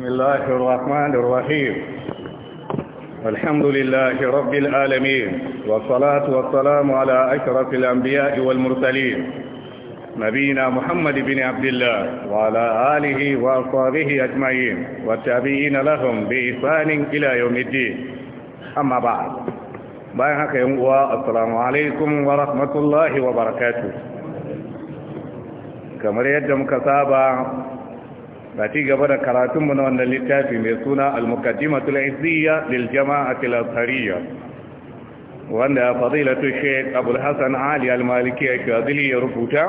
بسم الله الرحمن الرحيم الحمد لله رب العالمين والصلاة والسلام على أشرف الأنبياء والمرسلين نبينا محمد بن عبد الله وعلى آله وأصحابه أجمعين والتابعين لهم بإحسان إلى يوم الدين أما بعد بايعكم haka عليكم ورحمة الله وبركاته كما rahmatullahi wa na ci gaba da karatunmu na wannan littafi mai suna al-muqaddimatul izziya lil jama'atil azhariyya wanda fadilatu sheikh abul hasan ali al-maliki al-shadili ya rubuta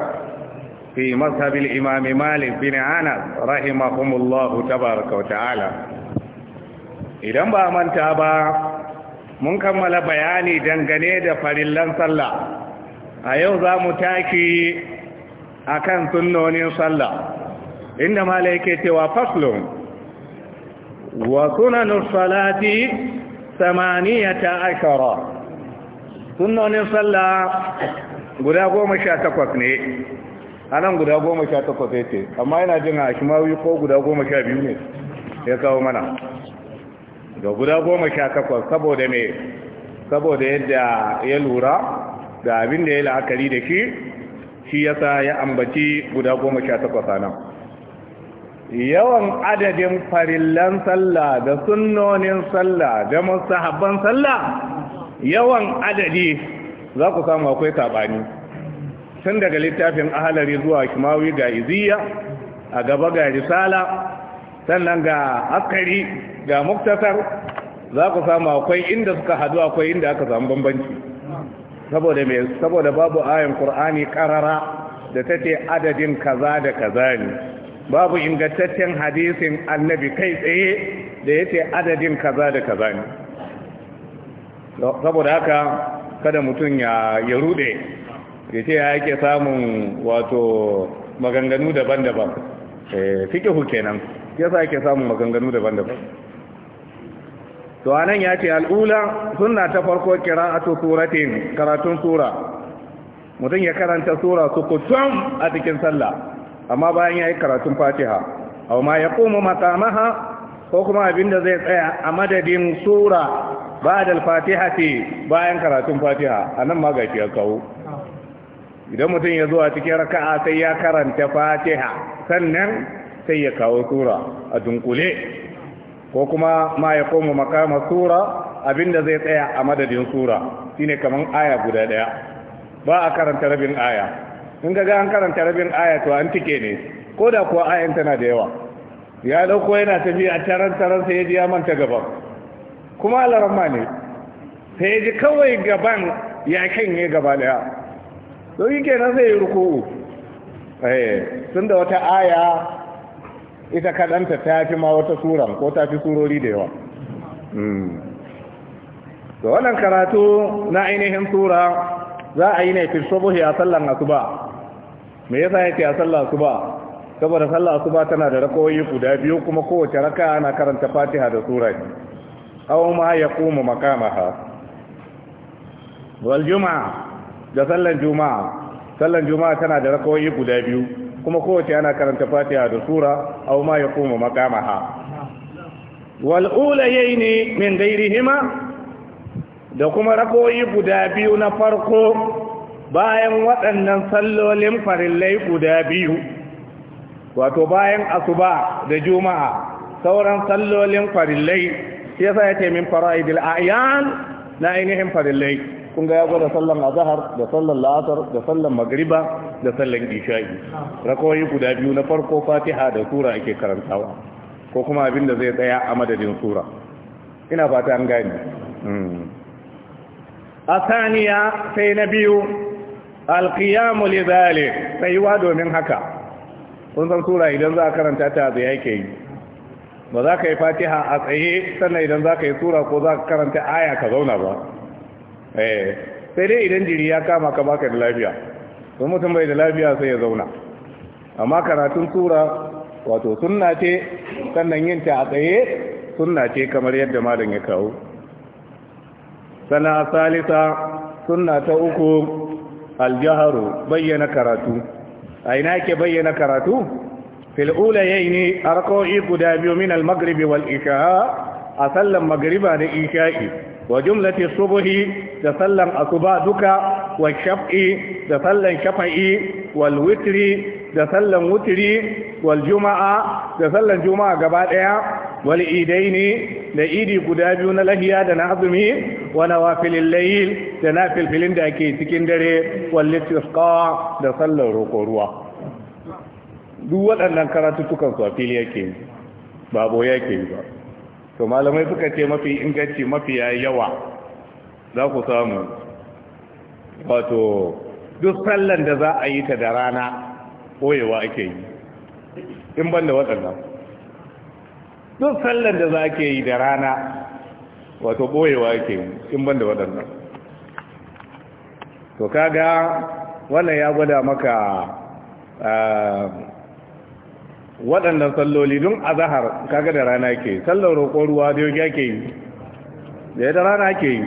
fi mazhab al-imam malik bin anas rahimahumullah tabaaraka wa ta'ala idan ba manta ba mun kammala bayani dangane da farillan sallah a yau za mu taki akan sunnonin sallah inda mala yake cewa faslun wa sunanus salati samaniyata ashara sunnonin sallah guda goma sha takwas ne Anan guda goma sha takwas ya ce amma yana jin a shimawi ko guda goma sha biyu ne ya kawo mana da guda goma sha takwas saboda ne saboda yadda ya lura da abin da ya la'akari da shi shi yasa ya ambaci guda goma sha takwas anan. yawan adadin farillan sallah da sunnonin sallah da musahabban sallah yawan adadi za ku samu akwai sabani tun daga littafin ahalari zuwa kimawi ga iziya a gaba ga risala sannan ga akari ga muktasar za ku samu akwai inda suka hadu akwai inda aka samu bambanci saboda babu ayin ƙur'ani karara da tace adadin kaza da kaza ne babu ingantaccen hadisin annabi kai tsaye da ya ce adadin kaza da kaza ne saboda haka kada mutum ya rude ya ce ya yake samun wato maganganu daban-daban eh, fikihu kenan ya sa yake samun maganganu daban-daban to anan ya ce al'ula suna ta farko kira a suratin karatun sura mutum ya karanta sura su kutum a cikin sallah amma bayan ya yi karatun fatiha au ma ya kuma makamaha ko kuma abinda zai tsaya a madadin sura ba da fatiha ce bayan karatun fatiha a nan magashi ya kawo idan mutum ya zuwa cikin raka'a sai ya karanta fatiha sannan sai ya kawo sura a dunkule ko kuma ma ya koma makama sura abinda zai tsaya a madadin sura shine kamar aya guda ɗaya ba a karanta rabin aya in ga an karanta rabin aya to an tike ne ko da kuwa ayan tana da yawa ya dauko yana tafiya taran taran sai ya ji ya manta gaban kuma alarma ne sai ji kawai gaban ya yi gaba daya to yi kenan sai ya ruku eh tun da wata aya ita kadanta ta fi ma wata suran ko ta fi surori da yawa Da hmm. wannan karatu na ainihin sura za a yi ne fi subuhi a sallan asuba me yasa yake a sallah asuba saboda sallah asuba tana da rakoyi guda biyu kuma kowace raka ana karanta fatiha da sura ne aw ma yaqumu maqamaha wal juma'a da sallan juma'a sallan juma'a tana da rakoyi guda biyu kuma kowace ana karanta fatiha da sura aw ma yaqumu maqamaha wal ulayaini min ghairihima da kuma rakoyi guda biyu na farko bayan waɗannan sallolin farillai guda biyu wato bayan asuba da juma'a sauran sallolin farillai shi yasa yake min fara'idil a'yan na ainihin farillai kun ga ya gwada sallan azhar da sallan la'asar da sallan magriba da sallan isha'i rakoyi guda biyu na farko fatiha da sura ake karantawa ko kuma abin da zai tsaya a madadin sura ina fata an gane hmm. a saniya sai na biyu alqiyamu lidhalik tsayuwa domin haka kun san sura idan za a karanta ta zai yake yi ba za ka yi fatiha a tsaye sannan idan za ka yi sura ko za ka karanta aya ka zauna ba eh, sai dai idan jiri ya kama ka baka da lafiya don mutum bai da lafiya sai ya zauna amma karatun sura wato sunna ce sannan yin ta a tsaye sunna ce kamar yadda malam ya kawo sana salisa sunna ta uku aljaharu bayyana karatu a ina ke bayyana karatu fil'ula yayi ne a rako'i guda biyu min al-maghribi wal isha'a a sallan magriba da isha'i wa jumlati subuhi da sallan asuba duka wa shaf'i da sallan shafa'i wal witri da sallan wutiri, wal juma'a da sallan juma'a gaba ɗaya. wal idaini da idi guda biyu na lahiya da na azumi wa nawafilil layl da na filfilin da ake cikin dare wal istisqa da sallar roko ruwa duk waɗannan karatutukan su a fili yake ba boye yake ba to malamai suka ce mafi inganci mafi yawa za ku samu wato duk sallan da za a yi ta da rana ɓoyewa ake yi in ban da waɗannan duk sallar da za ke yi da rana wato boyewa ke in ban da waɗannan to kaga wannan ya gwada maka eh, waɗannan salloli don a zahar kaga da rana ke sallar roƙon ruwa da yau ke yi da ya da rana ke yi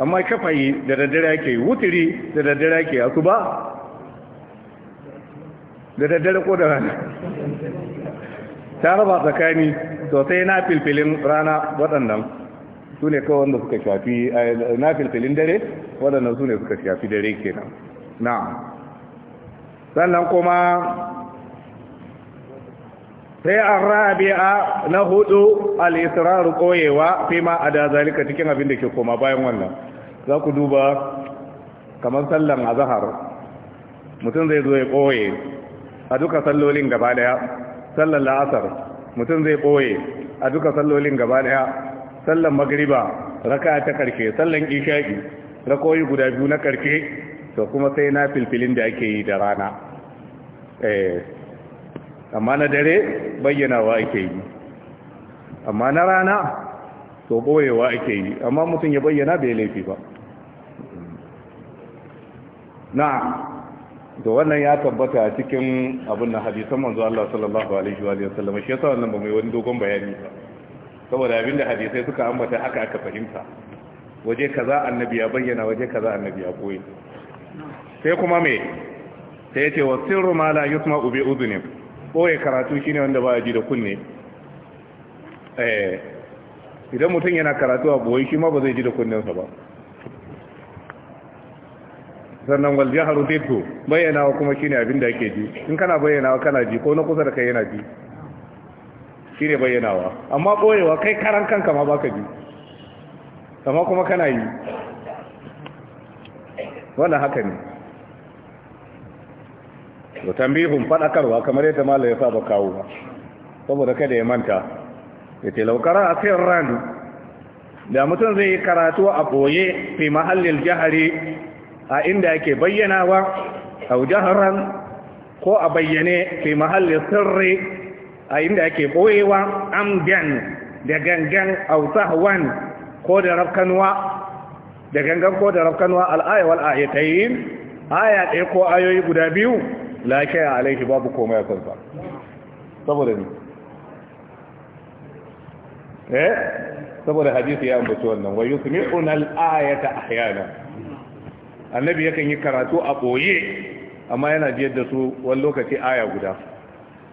amma kafayi da daddare ke yi wuturi da daddare ke asu ba da daddare ko da rana ta raba tsakani to sai na filfilin rana waɗannan su ne kawai wanda suka shafi eh, na filfilin dare waɗannan su ne suka shafi dare kenan na sannan kuma sai an rabi'a na hudu al'israru koyewa fi ma a da zalika cikin abin da ke koma bayan wannan za ku duba kamar sallan a zahar mutum zai zo ya koye a duka sallolin gaba daya sallan la'asar mutum zai ɓoye a duka sallolin gaba daya sallan magriba raka ta karshe sallan isha'i rakoyi guda biyu na karshe to kuma sai na filfilin da ake yi da rana eh amma na dare bayyanawa ake yi amma na rana to ɓoyewa ake yi amma mutum ya bayyana bai laifi ba na. to wannan ya tabbata a cikin abin da hadisan manzo Allah sallallahu alaihi wa sallam shi yasa wannan ba mai wani dogon bayani ba saboda abin da hadisai suka ambata haka aka fahimta waje kaza annabi ya bayyana waje kaza annabi ya koyi sai kuma me sai yace wa sirru ma la yusma bi ko boye karatu shine wanda ba ji da kunne eh idan mutum yana karatu a boye shi ma ba zai ji da kunnensa ba sannan wal jahru diddu bayyanawa kuma shine abin da yake ji in kana bayyanawa kana ji ko na kusa da kai yana ji shine bayyanawa amma boyewa kai karan kanka ma baka ji amma kuma kana yi wannan haka ne to tambihun fadakarwa kamar yadda malai ya saba kawo ba saboda kada ya manta ya ce laukara a sayar rani da mutum zai yi karatu a boye fi mahallin jihari a inda yake wa au jaharan ko a bayyane fi mahalli sirri a inda yake boyewa amdan da gangan au sahwan ko da rafkanwa da gangan ko da rafkanwa al'aya wal ayatayn aya ɗaya ko ayoyi guda biyu la a alaihi babu komai a kansa saboda ni eh saboda hadisi ya ambaci wannan wayu yusmi'una al-ayata ahyana annabi yakan yi karatu a ɓoye amma yana biyar da su wani lokaci aya guda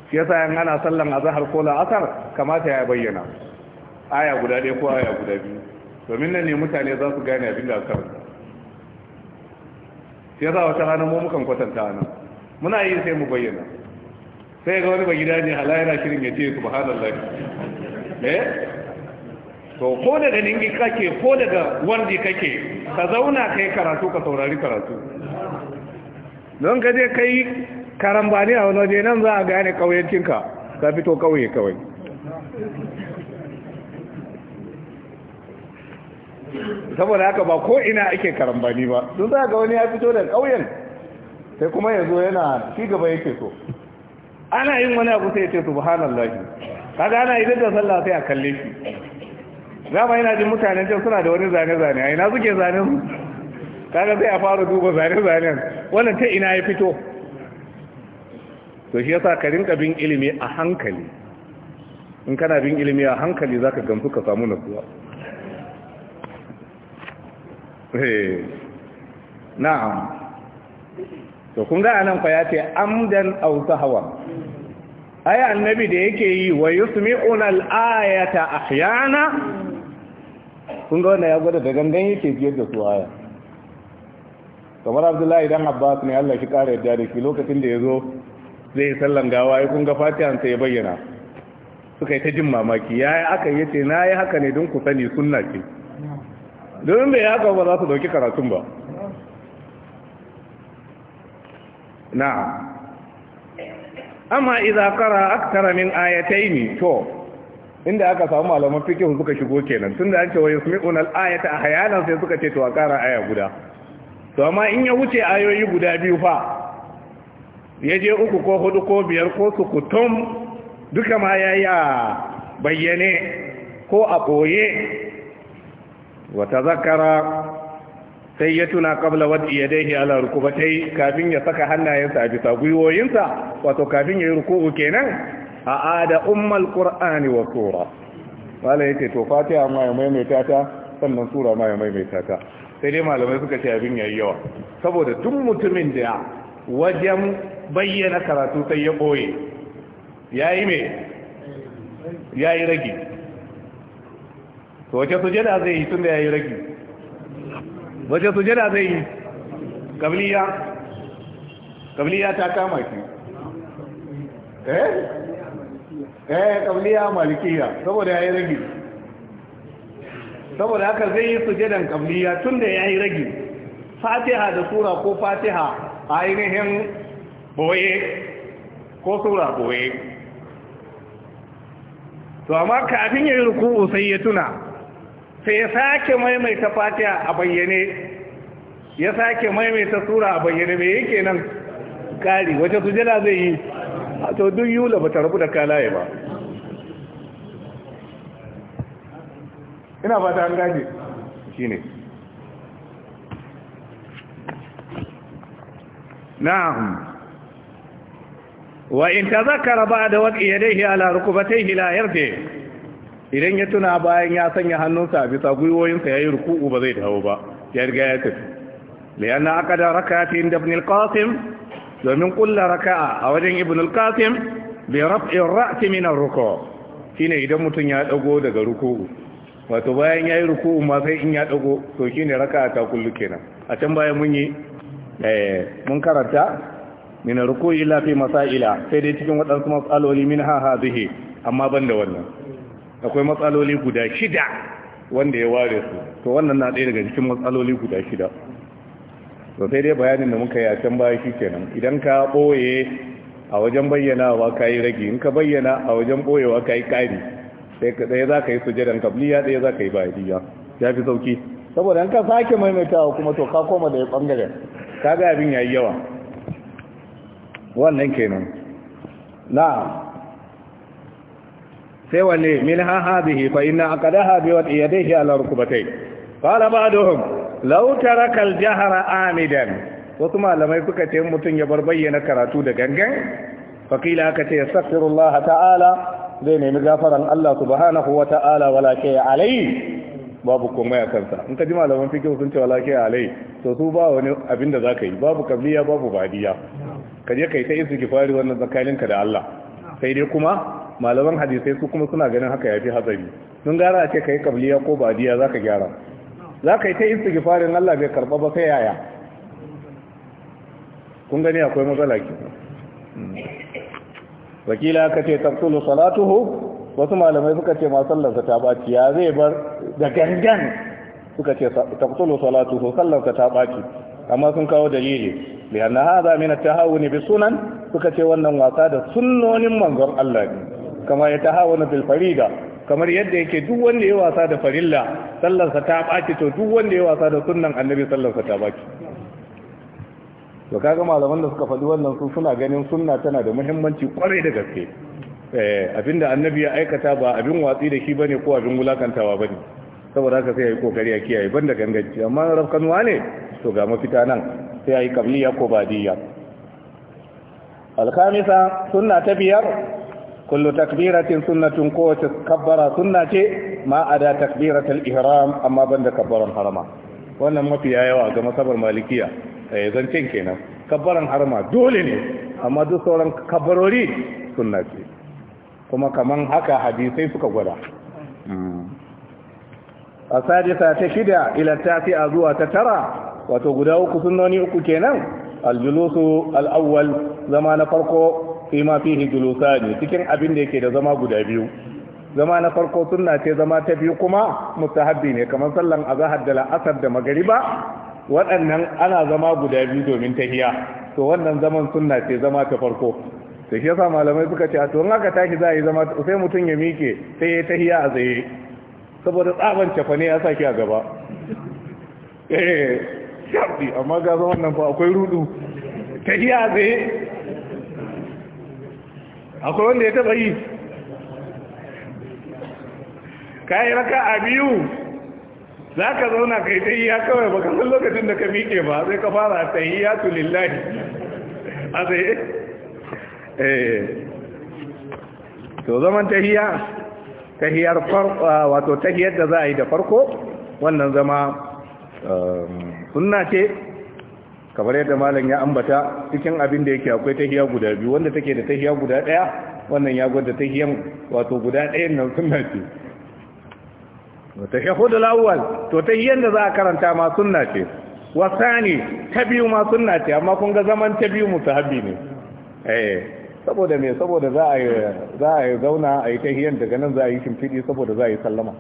shi yasa yan ana sallan azahar ko la'asar kamata ya bayyana aya guda ɗaya ko aya guda biyu domin nan ne mutane za su gane abin da kar shi yasa wata rana mu mukan kwatanta nan muna yi sai mu bayyana sai ga wani bagida ne hala yana shirin ya ce subhanallahi eh to ko daga ningi kake ko daga wanda kake ka zauna ka yi karatu ka saurari karatu don ka je kai karambani a wani waje nan za a gane kauyancinka ka fito kauye kawai saboda haka ba ko ina ake karambani ba don za ga wani ya fito da kauyen sai kuma ya zo yana ci gaba yake so ana yin wani abu sai ya ce subhanallah kaga ana idan da sallah sai a kalle shi zama yana jin mutanen can suna da wani zane-zane a ina suke zane su kaga zai a fara duba zane-zanen wannan ta ina ya fito to shi yasa ka rinka bin ilimi a hankali in kana bin ilimi a hankali zaka gamsu ka samu nutsuwa eh. na'am to kun ga anan fa ya ce amdan aw sahwa ay annabi da yake yi wa yusmi'una al-ayata ahyana kun ga wanda ya gwada da gangan ke biyar da su aya kamar abdullahi dan abbas ne allah shi kara yadda da shi lokacin da ya zo zai sallan gawa ya kunga fatihan sai ya bayyana suka yi ta jin mamaki ya yi aka yi ce na yi haka ne don ku sani sunna ce domin bai haka ba za su dauki karatun ba na amma idza kara aktara min ayatayn to inda aka samu malaman fikihu suka shigo kenan tunda an ce wa yasmi'una al-ayata ahyana sai suka ce to a kara aya guda to amma in ya wuce ayoyi guda biyu fa ya je uku ko hudu ko biyar ko su kutum, duka ma ya yi bayyane ko a ɓoye wata zakara sai ya tuna kabla wadda iya daihi ala rukubatai kafin ya saka hannayensa a bisa gwiwoyinsa wato kafin ya yi rukuku kenan a ada ummal qur'ani wa sura wala yake to fatiha ma ya maimaita ta sannan sura ma ya maimaita ta sai dai malamai suka ce abin yayi yawa saboda duk mutumin da wajen bayyana karatu sai ya boye yayi me yayi ragi. to wace sujada zai yi tunda yayi ragi wace sujada zai yi kabliya kabliya ta kama ki eh eh kabliya malikiya saboda yayi ragi saboda haka zai yi sujadan da ya yayi ragi fatiha da sura ko fatiha ainihin boye ko sura boye to amma kafin yi ruku'u sai ya tuna sai ya sake maimaita fatiha a bayyane ya sake maimaita sura a bayyane me yake nan kari wace sujada zai yi to duk yula ba ta rabu da kalaye ba ina fata an gaji shine na'am wa in tazakkara ba'da wad'i yadayhi ala rukbatayhi la yarji idan ya tuna bayan ya sanya hannunsa a bisa gwiwoyinsa yayi ruku'u ba zai dawo ba ya riga ya tafi lianna aqada rakatin da ibn al-qasim domin kulla raka'a a wajen ibn al-qasim bi raf'i ra's min ar-ruku shine idan mutun ya dago daga ruku'u wato bayan yayi ruku'u ma sai in ya dago to shine raka'a ta kullu kenan a can bayan mun yi eh mun karanta min ar ruku illa fi masaila sai dai cikin wadansu matsaloli min ha hadhihi amma banda wannan akwai matsaloli guda shida wanda ya ware su to wannan na ɗaya daga cikin matsaloli guda shida to sai dai bayanin da muka yi a can baya kenan idan ka boye a wajen bayyanawa ka yi ragi. in ka bayyana a wajen boyewa ka yi ƙari ɗaya za ka yi sujadan kabliya ɗaya za ka yi bayaniya ya fi sauki saboda an ka sake maimaitawa kuma to ka koma da bangaren ka ga abin ya yi yawa wannan kenan na sai wanne min ha hadhihi fa inna aqadaha bi wadiyadihi ala rukbatay qala ba'duhum lautara kaljahara amidan wasu malamai suka ce mutum ya bar bayyana karatu da gangan fakila aka ce yastaghfirullah ta'ala zai nemi gafaran Allah subhanahu wa ta'ala wala ke alai babu komai a kansa in ka ji malaman fikin sun ce wala ke alai to su ba wani abin da zaka yi babu kabliya babu badiya ka je kai ta istighfari wannan tsakaninka da Allah sai dai kuma malaman hadisai su kuma suna ganin haka yafi hatsari sun gara a ce yi kabliya ko badiya za ka gyara za ka yi ta istighfarin Allah bai karɓa ba sai yaya kun gani akwai matsala ki wakila ka ce tafsulu salatuhu wasu malamai suka ce ma sallarsa ta baci ya zai bar da gangan suka ce tafsulu salatuhu sallarsa ta baci amma sun kawo dalili lianna mina min hau ne bi sunan suka ce wannan wasa da sunonin manzon Allah ne kama ya hau na bilfarida. kamar yadda yake duk wanda ya wasa da farilla sallarsa ta baki to duk wanda ya wasa da sunnan annabi sallarsa ta baki to kaga malaman da suka faɗi wannan sun, suna ganin sunna tana da muhimmanci kwarai da gaske eh abinda annabi ya aikata ba abin watsi da shi bane ko abin wulakantawa bane saboda haka sai yayi kokari ya kiyaye banda gangaji. amma rafkanwa ne to ga mafita nan sai yayi qabliya ko badiya sunna ta biyar? kullu takbiratin sunnatun kowace kabbara sunna ce ma a da takbiratul ihram amma banda kabbaran harama wannan mafiya yawa ga masabar malikiya eh zancen kenan kabbaran harama dole ne amma duk sauran kabbarori sunna ce kuma kaman haka hadisai suka gwada hmm. a sadisa ta shida ila tafi'a zuwa ta tara wato guda uku sunnoni uku kenan aljulusu al'awwal zama na farko fi ma hijulusa ne cikin abin da yake da zama guda biyu zama na farko sunna ce zama ta biyu kuma mustahabbi ne kamar sallan azhar da la'asar da magriba waɗannan ana zama guda biyu domin tahiya to wannan zaman sunna ce zama ta farko da shi yasa malamai suka ce a to in aka tashi za a yi zama sai mutum ya mike sai ya tahiya a tsaye saboda tsaban cafa ne ya saki a gaba eh shafi amma ga zaman nan fa akwai rudu tahiya a tsaye akwai wanda ya taba yi ka yi raka a biyu za ka zauna kai ta iya kawai ba san lokacin da ka miƙe ba sai ka fara ta yi ya tulillahi a tsaye eh. to zaman tahiya tahiyar wato tahiyar da za a yi da farko wannan zama um, sunna ce kamar yadda malam ya ambata cikin abin da yake akwai tahiya guda biyu wanda take da tahiya guda daya wannan ya gwada tahiyan wato guda dayan nan sunna ce ce wa sani ta biyu ma sunna ce amma kun ga zaman ta biyu mutahabbi ne. eh saboda me saboda za a za a zauna a yi tahiyan daga nan za a yi shimfidi saboda za a yi sallama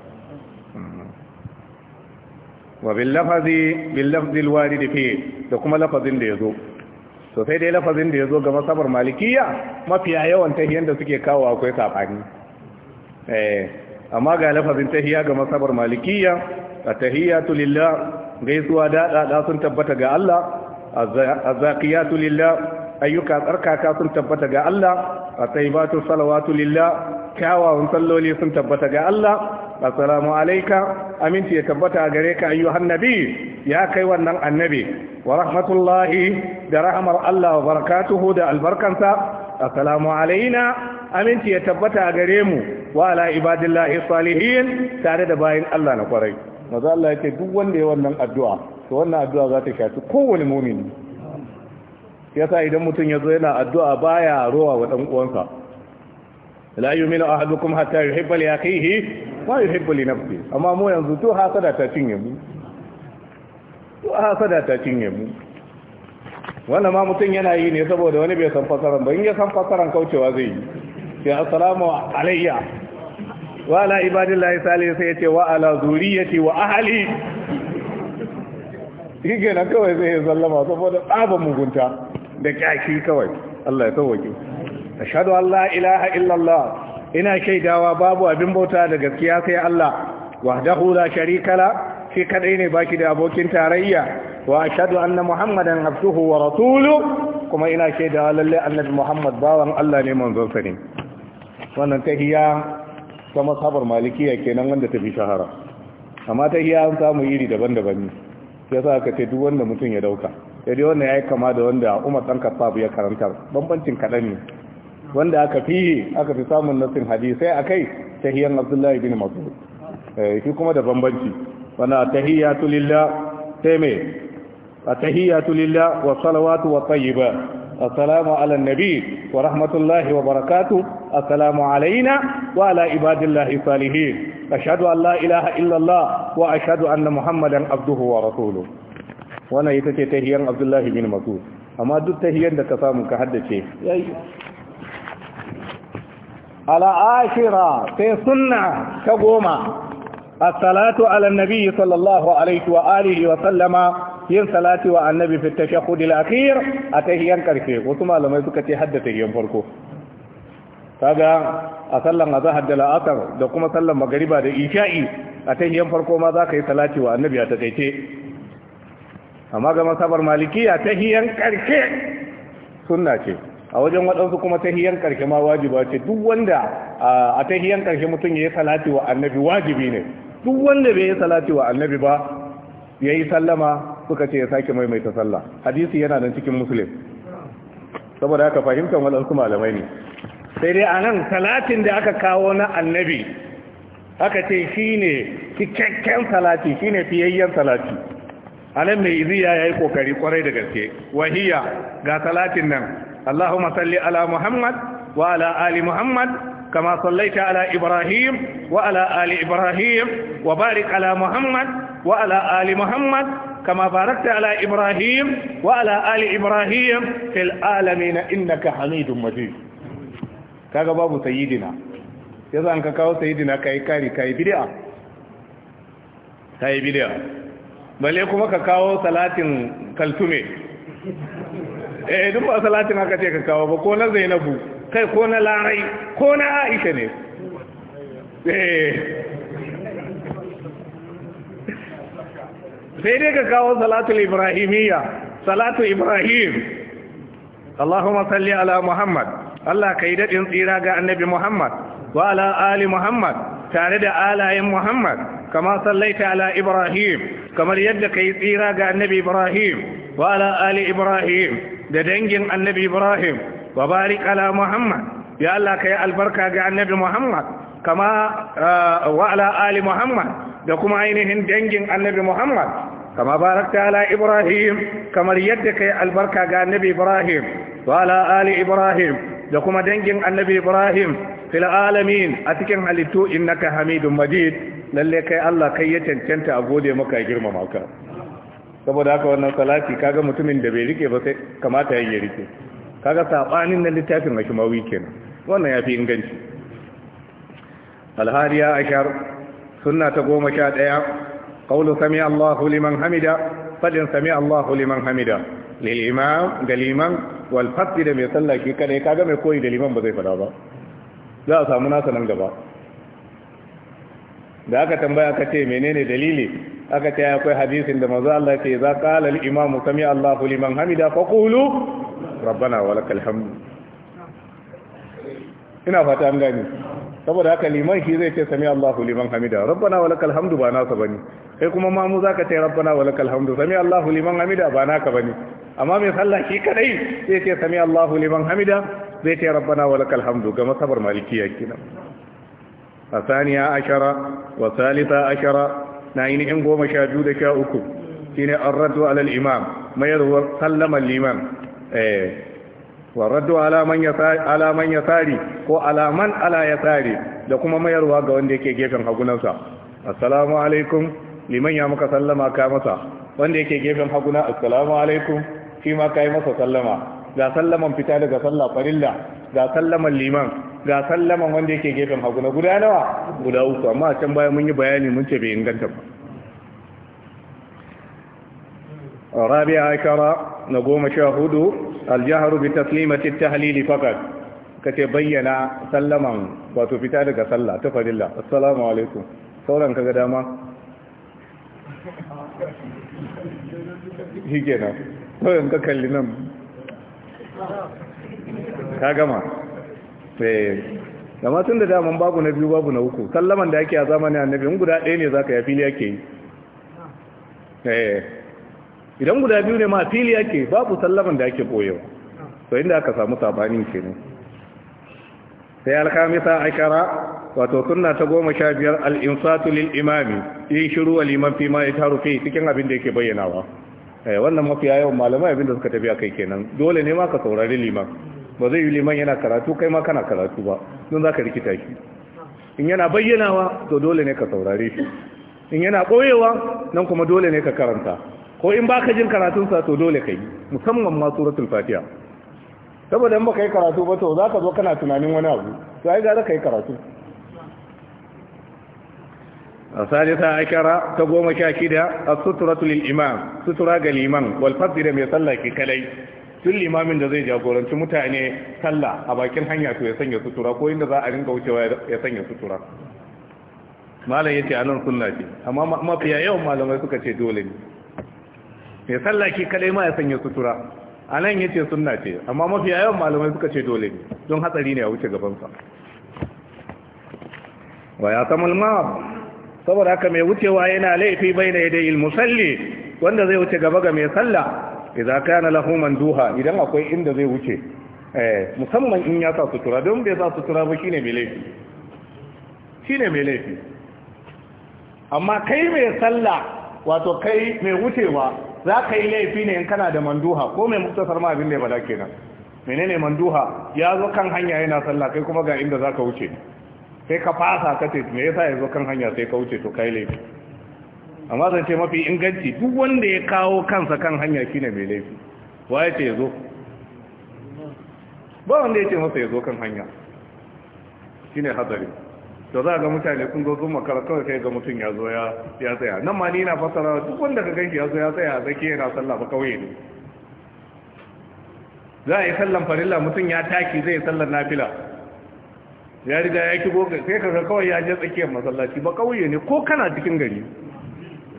wa bil lafazi bil lafzi al warid da kuma lafazin da yazo to sai dai lafazin da yazo ga masabar malikiya mafiya yawan tahiyan da suke kawo akwai saɓani, eh amma ga lafazin tahiya ga masabar malikiya a tahiya lillah gaisuwa da da sun tabbata ga Allah a zakiya lillah ayyuka tsarkaka sun tabbata ga Allah ataibatu salawatu lillah kyawawan salloli sun tabbata ga Allah assalamu aminci ya tabbata a gare ka ayyuhan nabi ya kai wannan annabi wa rahmatullahi da rahmar Allah wa barakatuhu da albarkansa assalamu alaina aminci ya tabbata a gare mu wa ala ibadillahi salihin tare da bayin Allah na kwarai maza Allah ya ce duk wanda ya wannan addu'a to wannan addu'a za ta shafi kowane mumini yasa idan mutum ya zo yana addu'a baya rowa wa dan uwansa la yu'minu ahadukum hatta yuhibba li akhihi ma yuhibbu li nafsihi amma mu yanzu to hasada ta cinye mu to hasada ta cinye mu wannan ma mutum yana yi ne saboda wani bai san fasaran ba in ya san fasaran kaucewa zai yi sai assalamu alayya wa ala ibadillahi salih sai yace wa ala zuriyati wa ahli shi na kawai zai sallama saboda tsaban mugunta da kyashi kawai Allah ya sauwake ashhadu an ilaha illallah ina shaidawa babu abin bauta da gaskiya sai Allah wahdahu la sharika la shi kadai ne baki da abokin tarayya wa ashhadu anna muhammadan abduhu wa rasuluhu kuma ina shaidawa lalle annabi muhammad bawan Allah ne manzon sa ne wannan tahiyya ta masabar malikiya kenan wanda ta fi shahara amma tahiyya an samu iri daban-daban ne yasa aka ce duk wanda mutum ya dauka yari wannan ya yi kama da wanda umar ɗan kasafu ya karanta bambancin kaɗan ne wanda aka fi aka fi samun nasin hadisai a kai ta hiyan abdullahi bin masu eh, shi kuma da bambanci wanda ta hiyya tulilla sai mai a ta hiyya tulilla wa salawatu wa tsayi ba assalamu ala nabi wa rahmatullahi wa barakatu assalamu alaina wa ala ibadillahi salihin ashadu an la ilaha illallah wa ashadu anna muhammadan abduhu wa rasuluhu wannan ita ce tahiyar abdullahi bin masud amma duk tahiyar da ka samu ka haddace alashira sai sunna ta goma as-salatu ala nabi sallallahu alaihi wa alihi wa sallama yin salati wa annabi fi tashahhud al-akhir a tahiyar karshe wasu malamai suka ce haddace tahiyar farko kaga a sallan azhar da la'asar da kuma sallan magariba da isha'i a tahiyan farko ma za ka yi salati wa annabi a takaice amma ga masabar malikiya tahiyan karke sunna ce a wajen waɗansu kuma tahiyan karke ma wajiba ce duk wanda a tahiyan karke mutum ya yi salati wa annabi wajibi ne duk wanda bai yi salati wa annabi ba ya yi sallama suka ce ya sake maimaita sallah hadisi yana nan cikin musulun saboda aka fahimtar waɗansu malamai ne sai dai a nan salatin da aka kawo na annabi aka ce shi ne cikakken salati shi ne fiyayyen salati anan mai iziya yi kokari kwarai da gaske wahiya ga salatin nan Allahumma salli ala Muhammad wa ala ali Muhammad kama sallaita ala Ibrahim wa ala ali Ibrahim wa barik ala Muhammad wa ala ali Muhammad kama barakta ala Ibrahim wa ala ali Ibrahim fil alamin innaka Hamidum Majid kaga babu sayyidina yasa an ka kawo sayyidina kai kari kai bid'a kai bid'a bale kuma ka kawo salatin kaltume eh duk ba salatin haka ce ka kawo ba ko na zainabu kai ko na larai ko na aisha ne eh. sai dai ka kawo salatul ibrahimiyya salatu ibrahim Allahumma salli ala Muhammad Allah ka yi dadin tsira ga annabi Muhammad wa ala ali Muhammad tare da alayen Muhammad kama sallaita ala Ibrahim كما يدك يثيرا النبي إبراهيم وعلى آل إبراهيم ددنجن النبي إبراهيم وبارك على محمد يا الله يا البركة النبي محمد كما وعلى آل محمد دكما عينهن دنجن النبي محمد كما باركت على إبراهيم كما يدك البركة النبي إبراهيم وعلى آل إبراهيم دكما دنجن النبي إبراهيم في العالمين أتكن هل إنك حميد مجيد lalle kai Allah kai ya cancanta a gode maka ya girmama ka saboda haka wannan salati kaga mutumin da bai rike ba sai kamata ya rike kaga sabanin na littafin wike kenan wannan yafi inganci alhariya ashar sunna ta goma sha ɗaya qawlu sami Allahu liman hamida fadin sami Allahu liman hamida lil imam da liman wal fasli da mai sallaki kada kaga mai koyi da liman ba zai fada ba za a samu nasa nan gaba da aka tambaya aka ce menene dalili aka ce akwai hadisin da manzo Allah ke za qala al imam sami Allah liman hamida fa qulu rabbana wa lakal hamd ina fata an gani saboda haka liman shi zai ce sami Allah liman hamida rabbana wa lakal hamd ba nasa bane kai kuma ma mu zaka ce rabbana wa lakal hamd sami Allah liman hamida ba naka bane amma mai sallah shi kadai zai ce sami Allah liman hamida zai ce rabbana wa lakal hamd ga masabar malikiya kenan a saniya ashara wa salisa ashara na yi ni'in goma sha biyu da sha uku shi ne an raddu alal imam mayarwar sallamar liman wa raddu alaman ya tsari ko alaman ala ya tsari da kuma mayarwa ga wanda yake gefen hagunansa assalamu alaikum liman ya muka sallama ka masa wanda yake gefen haguna assalamu alaikum shi ma ka yi masa sallama ga sallaman fita daga sallah sallaman liman ga sallaman wanda yake gefen hagu na guda nawa guda uku amma can bayan mun yi bayani mun ce bai inganta ba rabia aikara na goma sha hudu aljaharu ta taslimati tahlili fakat ce bayyana sallaman wato fita daga sallah ta fadilla assalamu alaikum sauran kaga dama hige na ka kalli nan ka gama Eh, amma tun da daman babu na biyu babu na uku sallaman da yake a zamanin annabi in guda ɗaya ne za ka ya fili yake yi eh, idan guda biyu ne ma fili ake babu sallaman da yake ɓoyewa to inda aka samu sabanin ke ne sai alkamisa kara wato suna ta goma sha biyar al'insatu lil imami yin shiru wa liman fi ma ita rufe cikin abin da yake bayyanawa eh, wannan mafiya yawan malamai abin da suka tafi a kai kenan dole ne ma ka saurari liman ba zai yi liman yana karatu kai ma kana karatu ba don za ka rikita shi in yana bayyanawa to dole ne ka saurare shi in yana ɓoyewa nan kuma dole ne ka karanta ko in ba ka jin karatunsa to dole ka yi musamman ma suratul fatiya saboda in ka yi karatu ba to za ka zo kana tunanin wani abu to ai gara ka yi karatu a sadisa a kyara ta goma sha shida a sutura tulil imam sutura ga liman walfasdi da mai sallah kalai tun limamin da zai jagoranci mutane sallah a bakin hanya to ya sanya sutura ko inda za a ringa wucewa ya sanya sutura malam yace anan sunna ce amma mafiya yawan malamai suka ce dole ne ya sallah ki kadai ma ya sanya sutura anan yace sunna ce amma mafiya yawan malamai suka ce dole ne don hatsari ne a wuce gaban sa wa ya tamal ma saboda haka mai wucewa yana laifi bai na yadda musalli wanda zai wuce gaba ga mai sallah idza kana manduha idan akwai inda zai wuce musamman in ya sa sutura don bai sa sutura ba shine mai laifi shine mai laifi amma kai mai sallah wato kai mai wucewa za ka yi laifi ne in kana da manduha ko mai muktasar ma abin da ya bada kenan menene manduha ya zo kan hanya yana sallah kai kuma ga inda za ka wuce sai ka fasa ka ce me yasa ya zo kan hanya sai ka wuce to kai laifi amma zan ce mafi inganci duk wanda ya kawo kansa kan hanya shine mai laifi wa ya ce zo ba wanda ya ce masa ya zo kan hanya Shi ne hatsari Da za ga mutane sun zo zo makara kawai kai ga mutum ya zo ya tsaya nan ma ni na fasara duk wanda ka ganki ya zo ya tsaya zake yana sallah ba kawai ne za a yi sallan farilla mutum ya taki zai sallan nafila ya riga ya kibo sai kaga kawai ya je tsakiyar masallaci ba kawai ne ko kana cikin gari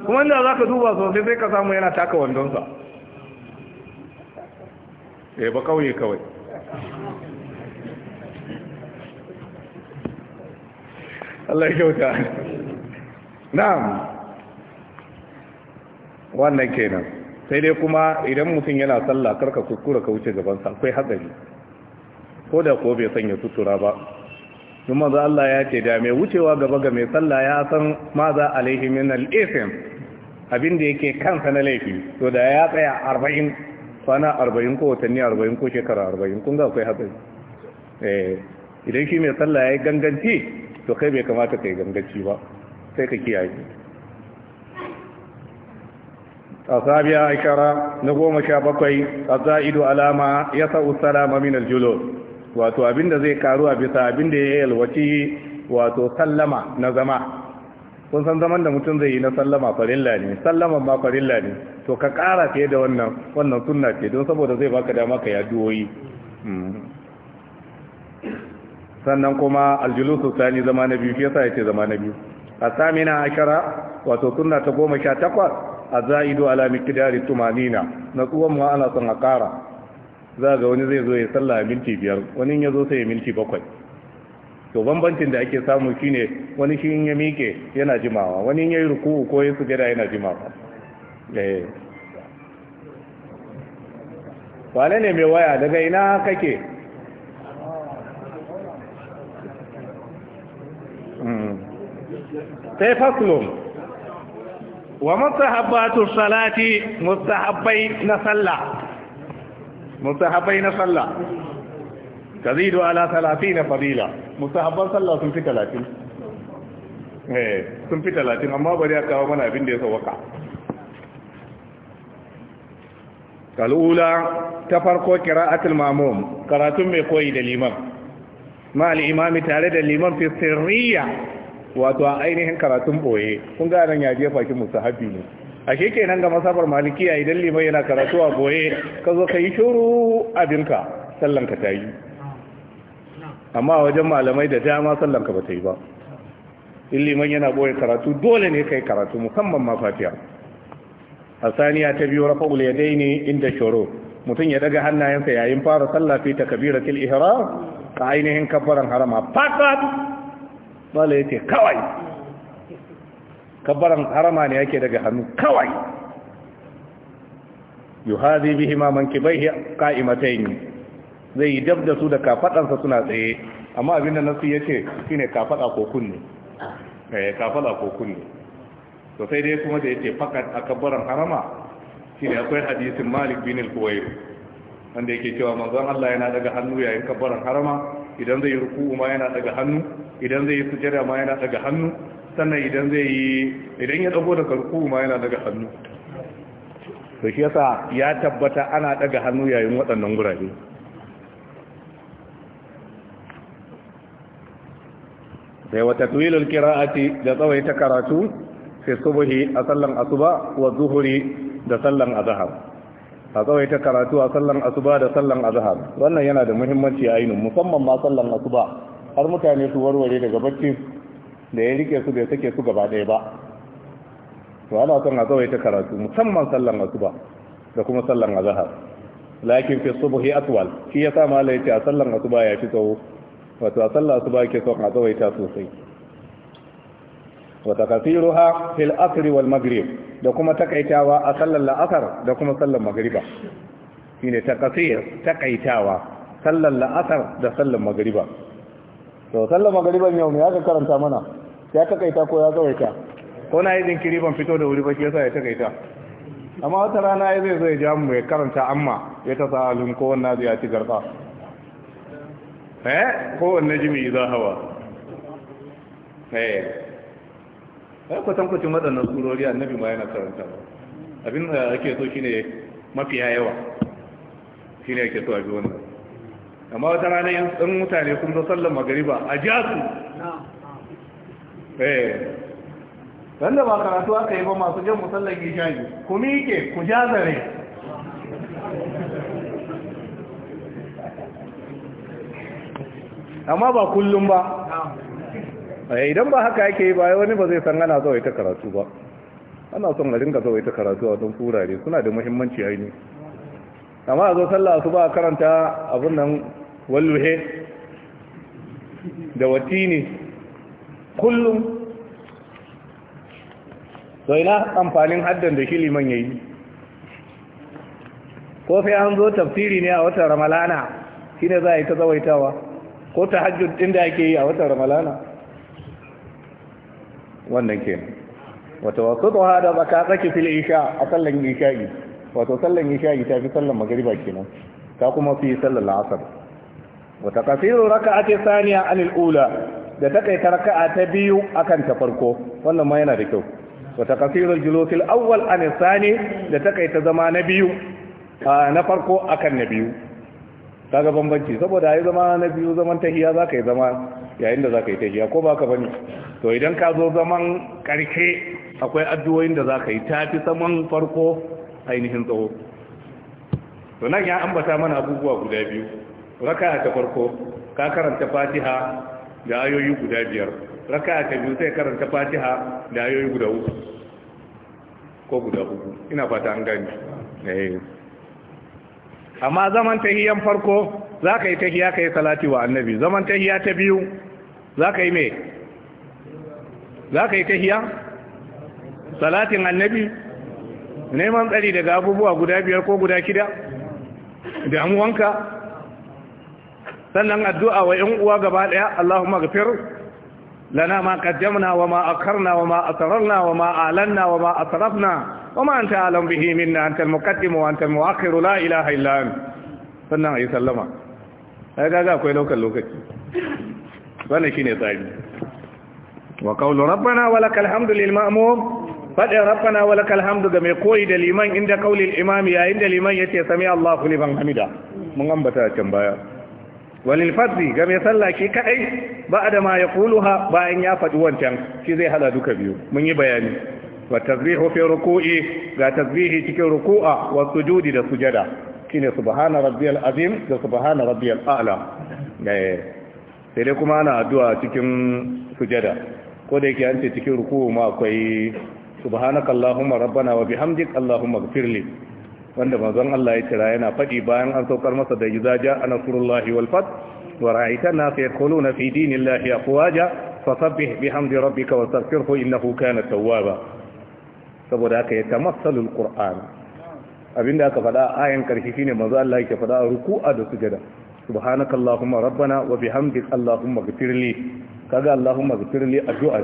kuma inda za ka duba sosai sai ka samu yana taka wandonsa ya eh, ba kauye kawai Allah kyauta na'am wannan kenan sai dai kuma idan mutum yana sallah karka kuskura ka wuce gabansa akwai hatsari ko da ko bai sanya sutura ba kuma za Allah ya ce da mai wucewa gaba ga mai sallah ya san ma za a min abin da yake kansa na laifi to da ya tsaya arba'in kwana arba'in ko watanni arba'in ko shekara arba'in kun ga akwai hatsari eh, idan shi mai sallah ya yi ganganci to kai bai kamata ka yi ganganci ba sai ka kiyaye asabiya ashara na goma sha bakwai azaidu alama ya sa'u salama min aljulo wato abinda zai karu a bisa abinda ya yalwaci wato sallama na zama kun san zaman da mutum zai yi na sallama farilla ne sallaman ma farilla ne to ka kara fiye da wannan wannan sunna ce don saboda zai baka dama ka yaduwoyi hmm. sannan kuma aljulusu sani zama na biyu fiye sa ya ce zama na biyu a samina ashara wato sunna ta goma sha takwas a za'idu ala mikidari tumanina na tsuwan ma ana son a ƙara za ga wani zai zo ya sallama minti biyar wani ya zo sai ya minti bakwai to bambancin da ake samu shine wani shi in ya miƙe yana jimawa wani in yayi ruku'u ko ya sujada yana jimawa eh wane ne mai waya daga ina kake hmm. sai faslum wa mustahabbatu salati mustahabbai na sallah mustahabbai na sallah tazidu ala 30 fadila musahabban sallah sun fi talatin eh, sun fi talatin amma bari a kawo mana abin da ya sauwaka kal'ula ta farko kira a mamum karatun mai koyi da liman ma al'imami tare da liman fi sirriya wato a ainihin karatun boye kun ga nan ya jefa ki musahabi ne ashe nan ga masabar malikiya idan liman yana karatu a boye ka zo ka yi shuru abinka sallanka ta yi amma wajen malamai da dama sallan ka bata yi ba illiman yana boye karatu dole ne kai karatu musamman ma fatiha asaniya ta biyu rafa'ul yadaini inda shuru mutum ya daga hannayensa yayin fara sallah fi takbiratil ihram ka ainihin kabbaran harama fatat bala yace kawai kabbaran harama ne yake daga hannu kawai yuhadi bihima mankibaihi qa'imatayn zai yi dab da su da kafadansa suna tsaye amma abin da nasu ya ce shine kafada ko kunne eh kafada ko kunne to sai dai kuma da ce fakat kabbaran harama shine akwai hadisin Malik bin al-Huwayr wanda yake cewa manzon Allah yana daga hannu yayin kabbaran harama idan zai ruku'u ma yana daga hannu idan zai yi sujada ma yana daga hannu sannan idan zai yi idan ya dago daga ruku'u ma yana daga hannu to shi yasa ya tabbata ana daga hannu yayin waɗannan gurabe sai wata tuwilul kira'ati da tsawaita karatu fi subuhi a sallan asuba wa zuhuri da sallan azhar a tsawaita karatu a sallan asuba da sallan azhar wannan yana da muhimmanci a ainihin musamman ma sallan asuba har mutane su warware daga bacci da ya rike su bai sake su gaba ɗaya ba to ana son a tsawaita karatu musamman sallan asuba da kuma sallan azhar lakin fi subuhi atwal shi yasa malai ce a sallan asuba ya fi tsawo wato a sallah su ba ke son a tsawaita sosai wata kasiruha fil asri wal maghrib da kuma takaitawa a sallar la'asar da kuma sallar magriba shine takasir takaitawa sallar la'asar da sallar magriba to sallar magriban yau ne aka karanta mana ya takaita ko ya tsawaita ko na yi jinkiri ban fito da wuri ba shi yasa ya takaita amma wata rana ya zai zo ya ja mu ya karanta amma ya ta sa alun ko wannan zai ya ci garba eh ko wanne jimi za hawa eh ai eh, kwatan kwacin waɗannan surori annabi ma yana karanta abin da ake so shine mafiya yawa shine ake so a bi wannan amma wata rana in mutane kun zo sallar magariba a jasu su eh wanda ba karatu aka yi ba masu jan musallar gishaji ku miƙe ku jazare amma ba kullum ba eh, idan ba haka yake yi ba wani ba zai san ana zawai ta karatu ba ana son a dinga zawai ta karatu a don kurare suna da muhimmanci aini amma a zo sallah su ba karanta abin nan walluhe da watini kullum sai na amfanin haddan da shi liman yayi ko sai an zo tafsiri ne a watan ramalana shine za a yi ta zawaitawa ko ta hajjud ɗin da ake yi a watan ramalana wannan ke wata wasu tsoha da tsaka tsaki fil isha a sallan isha'i wato sallan isha'i ta fi sallan magariba kenan ta kuma fi sallan la'asar wata kasiru raka'ati saniya anil ula da ta kai takaita raka'a ta biyu akan ta farko wannan ma yana da kyau wata kafiru julusil awwal anil sani da ta kai ta zama na biyu na farko akan na biyu kaga bambanci saboda ya zama na biyu zaman tahiya zaka yi zama yayin da zaka yi tahiya ko ka bane to idan ka zo zaman karke akwai addu'o'in da za ka yi tafi saman farko ainihin tsawo to nan ya ambata mana abubuwa guda biyu rak'a ta farko ka karanta Fatiha da ayoyi guda biyar rak'a ta biyu sai karanta Fatiha da ayoyi guda uku ko guda uku ina fata an gani eh amma zaman tahiyan farko za ka yi tahiya ka yi salati wa annabi zaman tahiya ta biyu za ka yi me za ka yi tahiya salatin annabi neman tsari daga abubuwa guda biyar ko guda shida damuwanka sannan addu'a wa ‘yan uwa gaba ɗaya Allahumma gafir لنا ما قدمنا وما أخرنا وما أسررنا وما أعلنا وما أسرفنا وما أنت أعلم به منا أنت المقدم وأنت المؤخر لا إله إلا أنت sannan a yi sallama ya gaga akwai daukar lokaci wannan shine tsari wa qawlu rabbana wa lakal hamdu lil ma'mum fadin rabbana wa lakal hamdu ga mai koyi da liman inda qawli imami imam yayin da liman yace sami Allahu liman hamida mun ambata can baya walil fadli ga mai sallah ki kadai ba da ma ya kuluha bayan ya faɗi wancan shi zai hada duka biyu mun yi bayani wa tasbihu fi ruku'i ga tasbihi cikin ruku'a wa sujudi da sujada shine subhana rabbiyal azim da subhana rabbiyal a'la eh, sai dai kuma ana addu'a cikin sujada ko da yake an ce cikin ruku'u ma akwai subhanakallahumma rabbana wa bihamdika allahumma ighfirli wanda mazan Allah ya kira yana faɗi bayan an saukar masa da zaja a nasrullahi wal fath wa ra'aita an-nasa yadkhuluna fi dinillahi rabbi fasabbih bihamdi rabbika wastaghfirhu na kana ba saboda haka yatamassalu al-qur'an abinda aka faɗa ayan karshe shine manzo Allah ya faɗa ruku'a da sujada subhanakallahumma rabbana wa bihamdika allahumma ighfirli kaga allahumma ighfirli addu'a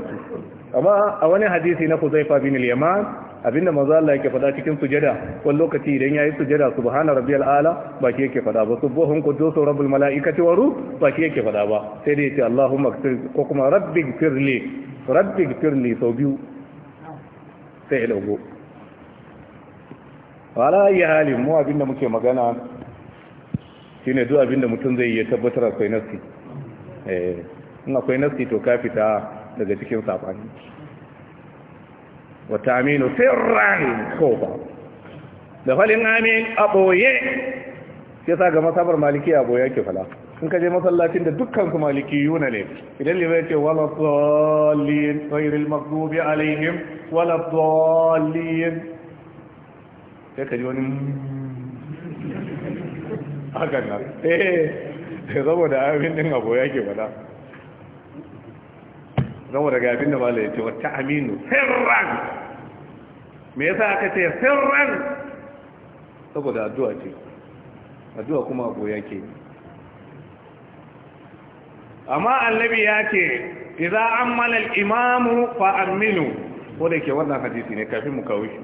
amma a wani hadisi na Huzaifa bin bini yaman abinda manzo Allah yake faɗa cikin sujada wani lokaci idan yayi sujada subhana rabbiyal ala ba shi yake faɗa ba subbuhun qudus rabbul malaikati wa ruh ba shi yake faɗa ba sai dai yace Allahumma ighfir ko kuma rabbi rabbighfirli sau biyu sai ya dago wala ayi halin mu abinda muke magana shine duk abinda mutum zai yi tabbatar akwai nafsi eh in akwai nafsi to ka fita daga cikin sabani wa taminu sirran kofa da falin amin a ɓoye sai sa ga masabar maliki a ɓoye ake fala in ka je masallacin da dukkansu su maliki yuna ne idan liba ce wala dhalin ghayril maghdubi alaihim wala dhalin Ya ka ji wani hakan nan eh da amin din abu yake fada Saboda daga abin da mala ya ce wata aminu sirran me yasa aka ce sirran saboda addu'a ce addu'a kuma abu ya ke amma annabi ya ce idza ammala al-imamu fa aminu ko da ke wannan hadisi ne kafin mu kawo shi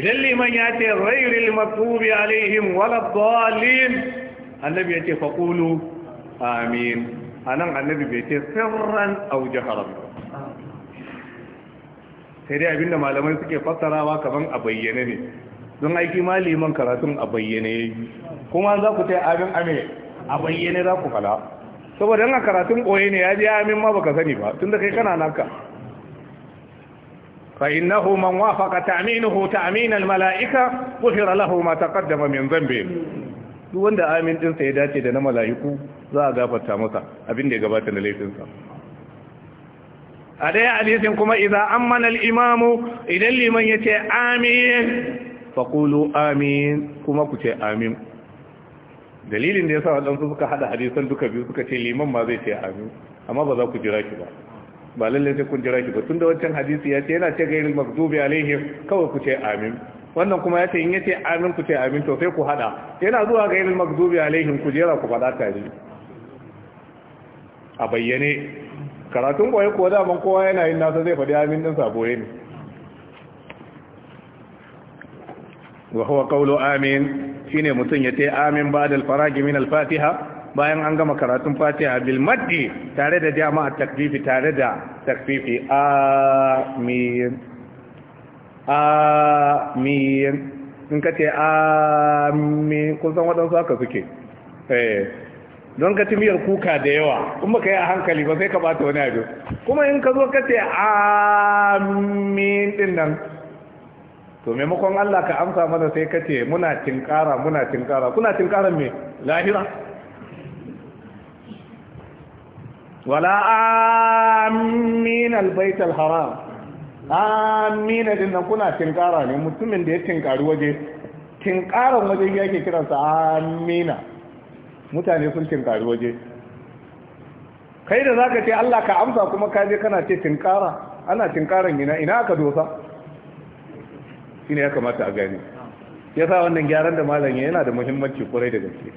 idan liman ya ce ghairil maktubi alaihim wala dhalin annabi ya ce faqulu amin a nan annabi bai ce sirran au jaharan sai dai abinda malamai suke fassarawa kaman a bayyane ne don aiki ma liman karatun a bayyane ya kuma za ku tai abin ame a bayyane za ku fala saboda yana karatun koye ne ya je amin ma baka sani ba tunda kai kana naka man wafaqa ta'minuhu ta'min al mala'ika ghufira lahu ma taqaddama min dhanbi duk wanda amin din sai dace da na mala'iku za a gafarta masa abin da ya gabata da laifinsa a daya hadisin kuma idan an mana imamu idan liman ya ce amin faƙulu amin kuma ku ce amin dalilin da ya sa waɗansu suka haɗa hadisan duka biyu suka ce liman ma zai ce amin amma ba za ku jira ki ba ba lallai sai kun jira ki ba tunda wancan hadisi ya ce yana ce gairil makdubi alaihi kawai ku ce amin wannan kuma ya ce in ya ce amin ku ce amin to sai ku haɗa yana zuwa gairil makdubi alaihi ku jera ku faɗa tare a bayyane karatun koyi ko daman kowa yana yin nasa zai faɗi amin din saboye ne wa huwa qawlu amin shine mutun ya tayi amin ba'da al-faragi min al-fatiha bayan an gama karatun fatiha bil maddi tare da jama'a takfifi tare da takfifi amin amin in ka amin kun san wadansu haka suke eh don ka timiyar kuka da yawa kuma ka yi a hankali ba sai ka bata wani abu. kuma in ka zo ka ce amin din nan to maimakon Allah ka amsa mana sai ka ce muna tinkara muna tinkara kuna tinkaran me lahira wala amin albayt alharam amin din nan kuna tinkara ne mutumin da ya tinkari waje tinkaran waje yake kiransa amina mutane sun tinkari waje kai da zaka ce Allah ka amsa kuma ka je kana ce tinkara ana tinkaran ina ina aka dosa ne ya kamata a gani sa wannan gyaran da malam ya yana da muhimmanci kurai da gaske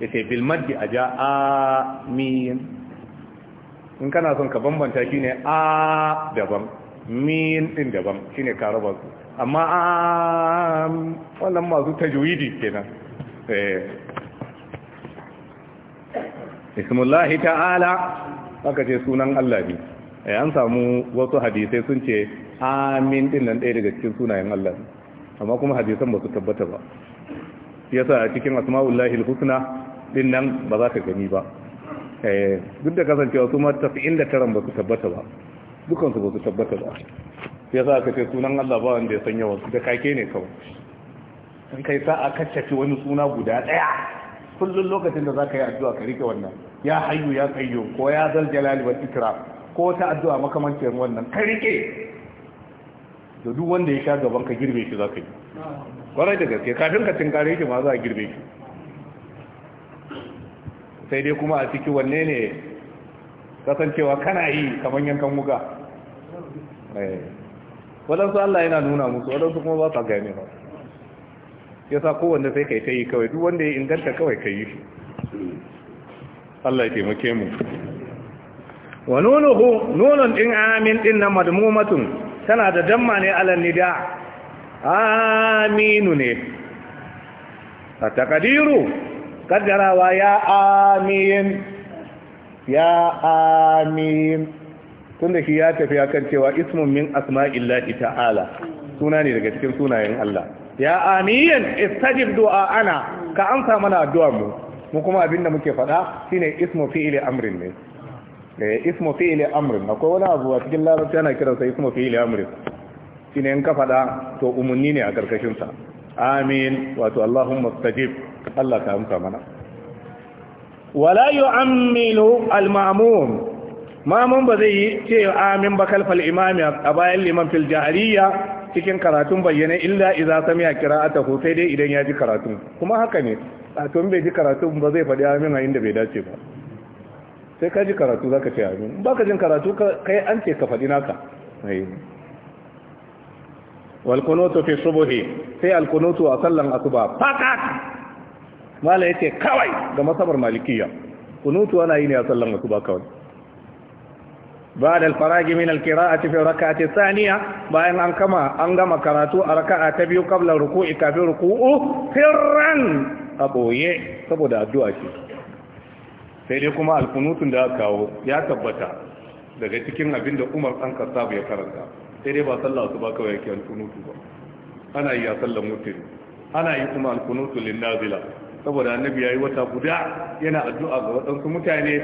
yace bil maddi aja amin in kana son ka bambanta shine a daban min din daban shine ka raba su amma a wannan masu tajwidi kenan eh ismullahi ta'ala aka ce sunan Allah ne eh, an samu wasu hadisai sun ce amin din nan ɗaya daga cikin sunayen Allah ne amma kuma hadisan ba su tabbata ba yasa a cikin asma'ullahi husna din nan ba za ka gani ba eh, duk da kasancewa su ma 99 ba su tabbata ba su ba su tabbata ba ya sa aka ce sunan Allah ba wanda ya sanya wasu. da kake ne kawai an kai sa aka cace wani suna guda daya kullum lokacin da zaka yi addu'a ka rike wannan ya hayyu ya qayyum ko ya zal jalali wal ikram ko ta addu'a makamancin wannan ka rike da duk wanda ya sha gaban ka girbe shi zaka yi kwarai da gaske kafin ka tinkare shi ma za a girbe shi sai dai kuma a ciki wanne ne kasancewa kana yi kamar yankan muka eh. waɗansu Allah yana nuna musu waɗansu kuma ba sa gane ba ya sa kowanne sai kai ta yi kawai duk wanda ya inganta kawai ka yi shi Allah ya taimake mu wa nunuhu nunun din amin din na madmumatun tana da damma ne alal nida aminu ne a takadiru kaddarawa ya amin ya amin da shi ya tafi akan cewa ismun min asma'illahi ta'ala suna ne daga cikin sunayen Allah ya aniyan istajib du'a ana ka amsa mana addu'ar mu mu kuma abinda muke faɗa shine ismu fi'li amrin ne eh ismu fi'li amrin akwai wani abu a cikin larabci ana kiransa ismu fi'li amrin shine in ka faɗa to umunni ne a karkashin sa amin wato allahumma istajib Allah ka amsa mana wala yu'ammilu al-ma'mum mamun ba zai yi ce amin ba kalfal imami a bayan liman fil jahiliya cikin karatun bayyana illa idza sami'a qira'atahu sai dai idan ya ji karatun kuma haka ne a to bai ji karatun ba zai faɗi amin a inda bai dace ba sai ka ji karatu zaka ce amin ba ka jin karatu kai an ce ka faɗi naka eh. wal kunutu fi subhi sai al kunutu a sallan asuba fakat mala yace kawai ga masabar malikiyya kunutu ana yi ne a sallan asuba kawai بعد الفراغ من القراءة في الركعة الثانية بأن أنكما أنغم كراتو أركعة تبيو قبل الركوع كافي ركوع فرا أبوي سبو أدواتي سيدي كما دا كاو يا تبتا daga cikin abin da Umar ɗan Kassab ya karanta sai dai ba sallah su ba kawai yake alkunutu ba ana yi a sallar mutum ana yi kuma alkunutu lin nazila saboda annabi yi wata guda yana addu'a ga waɗansu mutane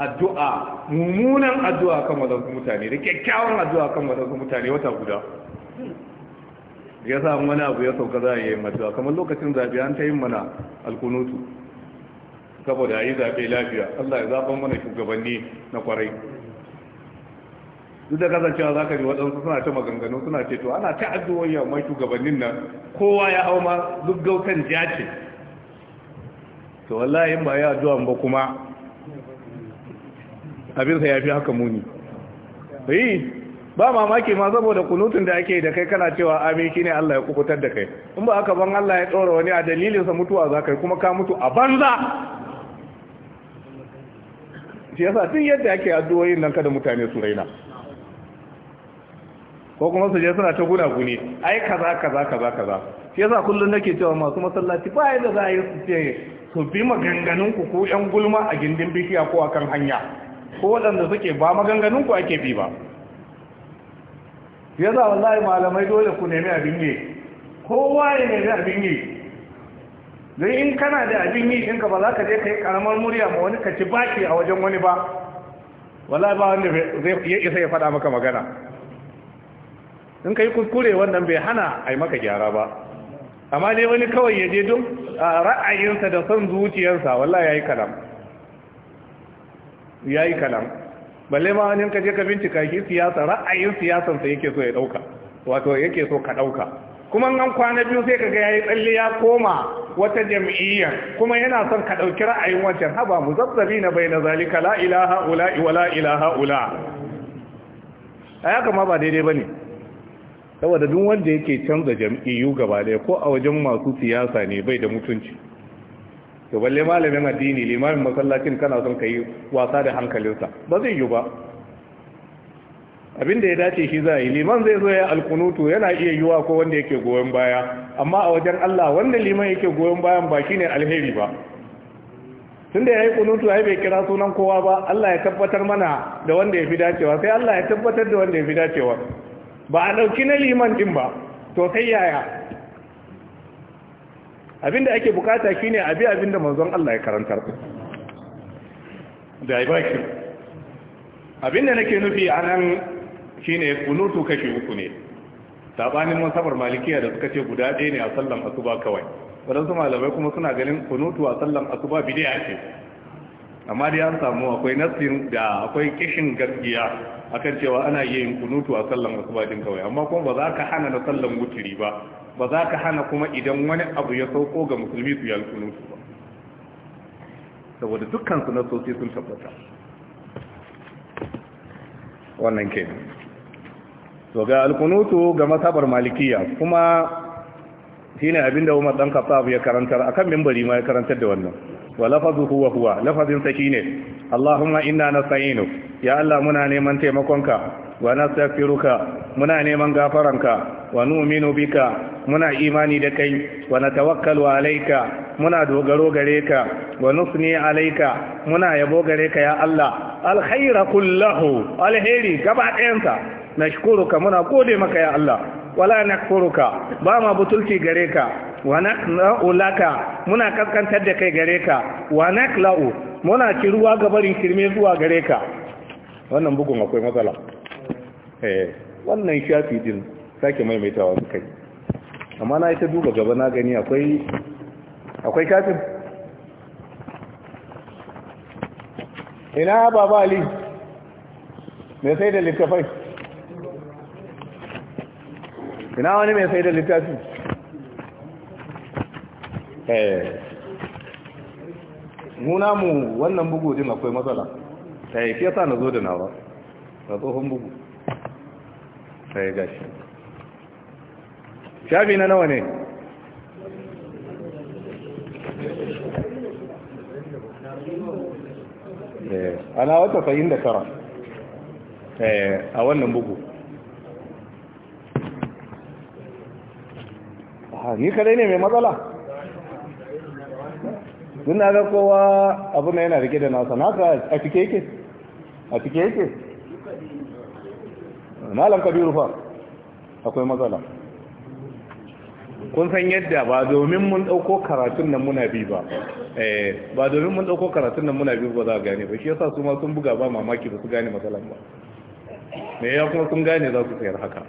addu'a mummunan addu'a kan wadansu mutane da kyakkyawan addu'a kan wadansu mutane wata guda ya sa wani abu ya sauka za a yi addu'a kamar lokacin zaɓe an ta yi mana alkunutu saboda a yi zaɓe lafiya Allah ya zaɓen mana shugabanni na kwarai duk da kasancewa za ka ji waɗansu suna ta maganganu suna ce to ana ta addu'o'i mai shugabannin nan kowa ya hau ma duk gautan jace to wallahi in ba ya addu'a ba kuma abinsa ya fi haka muni yi ba mamaki ma saboda kunutun da ake da kai kana cewa amin shi ne Allah ya kukutar da kai in ba haka ban Allah ya tsoro wani a dalilinsa mutuwa za kai kuma ka mutu a banza shi yasa duk yadda ake addu'o'in nan kada mutane su raina ko kuma su je suna ta guna guni ai kaza kaza kaza kaza shi yasa kullun nake cewa masu masallaci ba yadda za a yi su ce su bi maganganun ku ko yan gulma a gindin bishiya ko akan hanya ko waɗanda suke ba maganganun ku ake bi ba ya za wallahi malamai dole ku nemi abin yi kowa ya nemi abin yi zai in kana da abin yi ɗinka ba za ka je ka yi ƙaramar murya ma wani ka ci baki a wajen wani ba wallahi ba wanda ya isa ya faɗa maka magana in ka yi kuskure wannan bai hana a yi maka gyara ba amma dai wani kawai ya je don ra'ayinsa da son zuciyarsa wallahi ya yi kalam ya yi kalam balle ma wani kaje ka bincika shi siyasa ra'ayin siyasansa yake so ya ɗauka wato yake so ka ɗauka kuma an kwana biyu sai kaga yayi tsalle ya koma wata jam'iyya kuma yana son ka ɗauki ra'ayin wancan haba muzabzabi na zalika la ilaha ula wa la ilaha ula a kama ba daidai ba saboda duk wanda yake canza jam'iyyu gaba ɗaya ko a wajen masu siyasa ne bai da mutunci to balle malamin addini limamin masallacin kana son ka yi wasa da hankalinsa ba zai yi ba abin da ya dace shi za yi liman zai zo ya alkunutu yana iya yiwa ko wanda yake goyon baya amma a wajen Allah wanda liman yake goyon bayan ba shine alheri ba tunda yayi kunutu ai bai kira sunan kowa ba Allah ya tabbatar mana da wanda ya fi dacewa sai Allah ya tabbatar da wanda ya fi dacewa ba a ɗauki na liman din ba to sai yaya abinda ake bukata shine abi abinda manzon Allah ya karantar da Abin abinda nake nufi anan shine kunutu kashe uku ne sabanin masabar malikiya da suka ce guda ɗaya ne a sallan asuba kawai Waɗansu malamai kuma suna ganin kunutu a sallan asuba bid'a ce amma dai an samu akwai nassin da akwai kishin gaskiya akan cewa ana yin kunutu a sallan asuba din kawai amma kuma ba za ka hana na sallan wuturi ba ba za ka hana kuma idan wani abu ya sauko ga musulmi su yi alkunutu ba saboda dukkan su na sosai sun tabbata wannan ke so ga alkunutu ga masabar malikiya kuma shi ne abinda umar dan kafaf ya karantar akan mimbari ma ya karantar da wannan wa lafazu huwa huwa lafazin sa shine Allahumma inna nasta'inu ya Allah muna neman taimakonka wa nastaghfiruka muna neman gafaranka wa nu'minu bika muna imani da kai wa natawakkalu alayka muna dogaro gare ka wa nusni alayka muna yabo gare ka ya Allah alkhayra kullahu alheri gaba ɗayansa nashkuruka muna gode maka ya Allah wala nakfuruka ba ma butulci gare ka wa naqna'u laka muna kaskantar da kai gare ka wa naklau muna kiruwa gabarin kirme zuwa gare ka wannan bugun akwai matsala Eh, wannan shafi din sake maimaitawa su kai amma na yi ta duba gaba na gani akwai kafin. shafin ina baba ali mai sai da littafai ina wani mai sai da littafi muna eh, mu wannan bugu din akwai matsala ta yi fiye sa na zo da nawa na tsohon bugu sai shi shafi na nawa ne eh, ana wata fahim da tara eh, a wannan bugu ah, ni kadai ne mai matsala suna ga kowa abu na yana rike da nasa naka a cike yake a cike yake malam kabiru fa akwai matsala kun san yadda ba domin mun dauko karatun nan muna bi ba eh ba domin mun dauko karatun nan muna bi ba za gane ba shi yasa su ma sun buga ba mamaki ba su gane matsalan ba me ya kuma sun gane za su sayar haka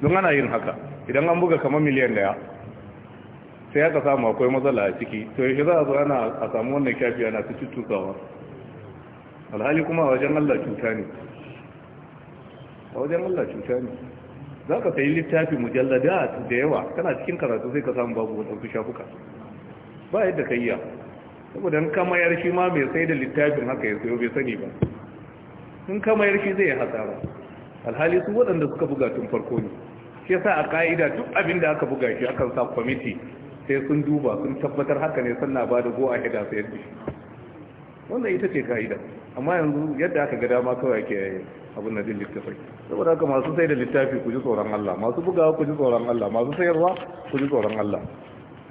don ana yin haka idan an buga kamar miliyan daya sai aka samu akwai matsala a ciki to yake za a zo ana a samu wannan kyafi ana ta cututtukawa alhali kuma a wajen Allah cuta ne a wajen Allah cuta ne za ka sayi littafi mujallada da yawa kana cikin karatu sai ka samu babu wadansu shafuka ba yadda ka iya saboda in mayar shi ma mai sai da littafin haka ya sayo bai sani ba in ka mayar shi zai hasara alhali su waɗanda suka buga tun farko ne shi yasa a ka'ida duk abin da aka buga shi akan sa kwamiti sai sun duba sun tabbatar haka ne sannan ba da go a hida sayar da shi wannan ita ce ka'ida amma yanzu yadda aka ga dama kawai ake abin da jin littafai saboda haka masu sai da littafi ku ji tsoron Allah masu bugawa ku ji tsoron Allah masu sayarwa ku ji tsoron Allah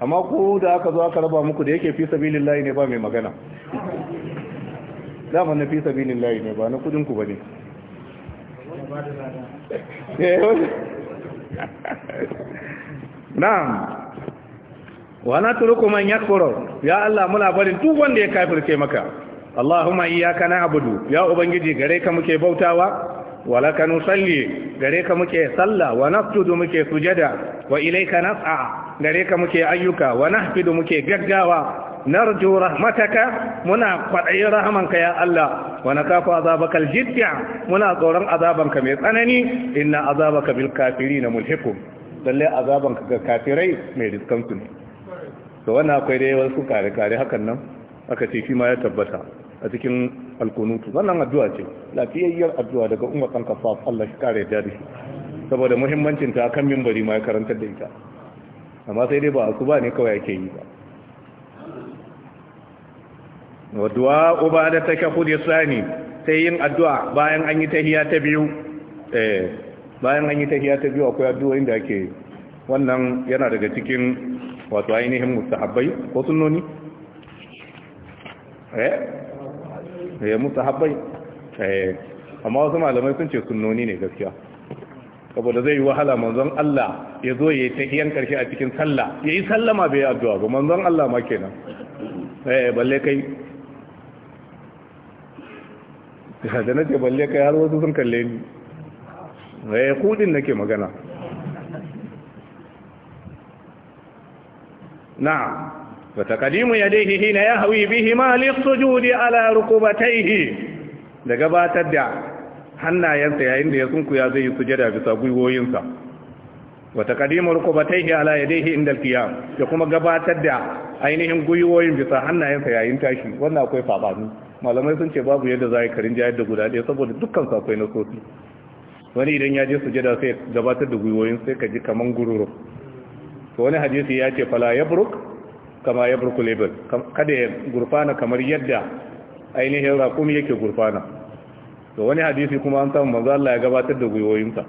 amma ko da aka zo aka raba muku da yake fi sabilillahi ne ba mai magana dama na fi sabilillahi ne ba na kudin ku bane na'am wa na turuku man yakfuru ya Allah muna barin duk wanda ya kafirce maka Allahumma iyyaka na'budu ya ubangiji gare ka muke bautawa walaka nusalli gare ka muke sallah wa nasjudu muke sujada wa ilayka nas'a gare ka muke ayyuka wa nahfidu muke gaggawa narju rahmataka muna kwadayi rahamanka ya Allah wa nakafu azabakal jidda muna tsoron azabanka mai tsanani inna azabaka kafiri na mulhiqum lalle azabanka ga kafirai mai riskansu ne to akwai dai wasu kare kare hakan nan aka ce shi ma ya tabbata a cikin alkunutu wannan addu'a ce lafiyayyar addu'a daga umar kan kafa Allah shi kare da shi saboda muhimmancin ta kan minbari ma ya karantar da ita amma sai dai ba su ba ne kawai yake yi ba wadda uba da ta shakud da sani sai yin addu'a bayan an yi tahiya ta biyu eh bayan an yi tahiya ta biyu akwai addu'o'in da ake wannan yana daga cikin wato ainihin mustahabbai ko sunnoni eh ya musu habbai eh, amma wasu malamai sun ce sunoni ne gaskiya saboda zai yi wahala manzon Allah ya zo ya yi ta tahiyan karshe a cikin sallah ya yi sallama bai addu'a ba manzon Allah ma kenan eh balle kai da na ce balle kai har wasu sun kalle ni eh kudin nake magana na'am وتقديم يديه حين يهوي بهما للسجود على ركبتيه da gabatar da hannayensa yayin da ya زي zai yi sujada bisa gwiwoyinsa wa taqdimu rukubatayhi ala yadayhi inda al-qiyam da kuma gabatar da ainihin bisa hannayensa yayin tashi wannan akwai sabani malamai sun ce babu yadda za a yi karin jayar da guda ɗaya saboda wani idan ya je sujada sai gabatar da gwiwoyin sai ka ji kaman gururu to wani hadisi ya ce fala yabruk kama ya burku label kada ya gurfana kamar yadda ainihin raƙumi yake gurfana to wani hadisi kuma an samu manzo Allah ya gabatar da guyoyinsa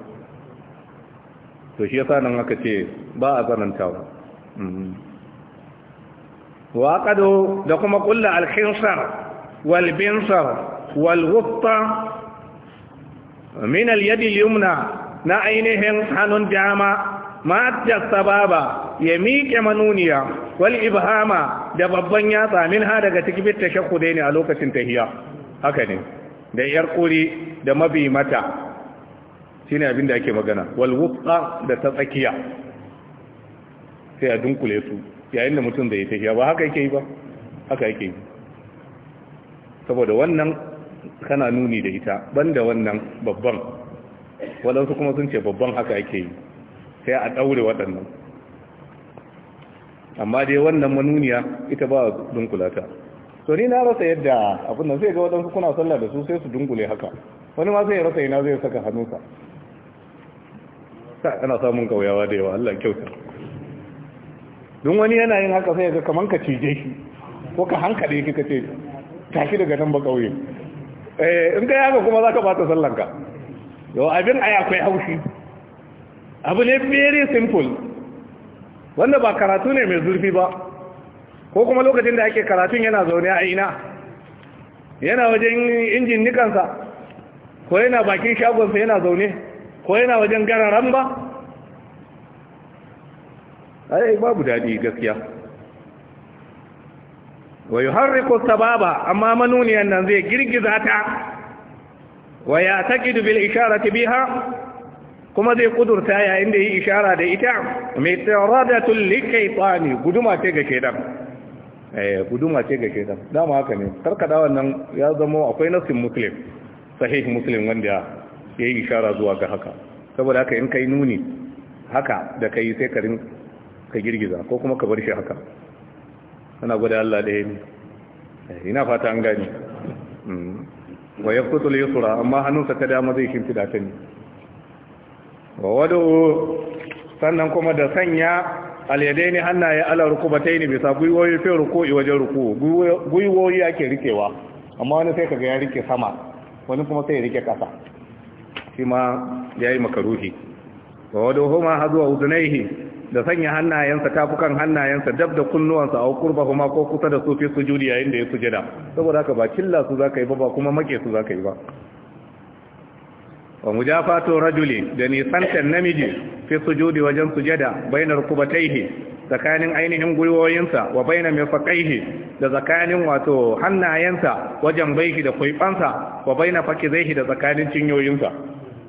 to shi yasa nan aka ce ba a zanantawa mm-hmm. wa qado da kuma kullu al-khinsar wal binsar wal ghutta min al-yadi al-yumna na ainihin hannun dama ma sababa ya miƙe manuniya wal ibhama da babban yatsa min ha daga cikin tashakkude ne a lokacin tahiya haka ne da yar kuri da mabi mata shine abin da ake magana wal wusta da ta tsakiya sai a dunkule su yayin da mutum da ya tahiya ba haka yake yi ba haka yake yi saboda wannan kana nuni da ita banda wannan babban wadansu kuma sun ce babban haka ake yi sai a daure waɗannan amma dai wannan manuniya ita ba dunkulata. ta to ni na rasa yadda abin nan zai ga waɗansu kuna sallah da su sai su dunkule haka wani ma sai ya rasa ina zai saka hannunsa sa ana samun kauyawa da yawa Allah kyauta don wani yana yin haka sai ga kaman ka cije shi ko ka hankali shi ka ce shi daga nan ba kauye eh, in ka haka kuma za ka bata sallanka yau abin ayakwai akwai haushi abu ne very simple wanda ba karatu ne mai zurfi ba ko kuma lokacin da ake karatun yana zaune a ina yana wajen injin nikansa ko yana bakin shagonsa yana zaune ko yana wajen gararan ba ai babu daɗi gaskiya wa yuharriku sababa amma manuniyan nan zai girgiza ta wa ya taqidu bil isharati biha kuma zai kudurta yayin da yi ishara da ita mai likai tsani guduma ce ga shaidan eh guduma ce ga shaidan dama haka ne karkada wannan ya zama akwai nasin muslim sahih muslim wanda ya yi ishara zuwa ga haka saboda haka in kai nuni haka da kai sai ka ka girgiza ko kuma ka bar shi haka ana gwada Allah da ne. Eh, ina fata an gani hmm. wa yaqtul yusra amma hannunsa ta dama zai shimfida ta ne wa wad'u sannan kuma da sanya alyadaini hannaye ala rukubataini bisa gwiwoyi fi ruku'i wajen ruku gwiwoyi ake rikewa amma wani sai kaga ya rike sama wani kuma sai ya rike kasa shi ma yayi makaruhi wa huma hadwa udunaihi da sanya hannayensa tafukan hannayensa dab da kunnuwansa au huma ko kusa da su fi sujudi yayin da ya sujada saboda haka ba killa su zaka yi ba ba kuma make su zaka yi ba wa mujafatu rajuli da nisantar namiji fi sujudi wajen sujada bainar kubataihi tsakanin ainihin gwiwoyinsa wa bainar mafakaihi da tsakanin wato hannayensa wajen baihi da kwaifansa wa bainar fakizaihi da tsakanin cinyoyinsa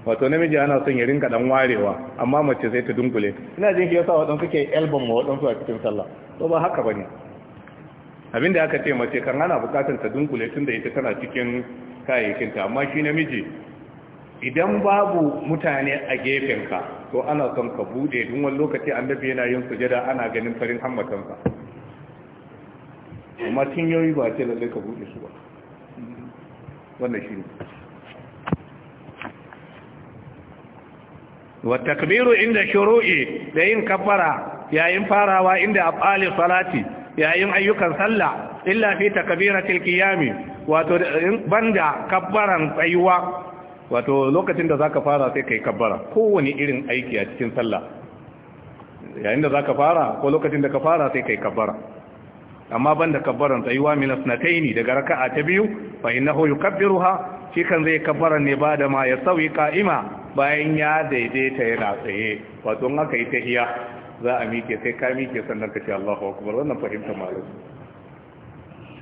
wato namiji ana son ya rinka dan warewa amma mace zai ta dunkule ina jin yasa waɗansu ke album wa waɗansu a cikin sallah to ba haka bane da aka ce mace kan ana bukatar ta dunkule tunda ita tana cikin kayayyakinta amma shi namiji idan babu mutane a gefenka to ana son ka bude duk wani lokaci annabi yana yin sujada ana ganin farin hammatansa amma yoyi ba ce lalle ka bude su ba wannan shi ne wa takbiru inda shuru'i da yin kafara yayin farawa inda afali salati yayin ayyukan sallah illa fi takbiratil qiyami wato banda kabbaran tsayuwa wato lokacin da zaka fara sai kai kabbara kowane irin aiki a cikin sallah yayin da zaka fara ko lokacin da ka fara sai kai kabbara amma banda kabbaran tsayuwa min asnataini daga raka'a ta biyu fa innahu yukabbiruha shi kan zai kabbara ne ba da ma ya sauyi qa'ima bayan ya daidaita yana tsaye wato in aka yi tahiya za a mike sai ka mike sannan ka ce Allahu akbar wannan fahimta malam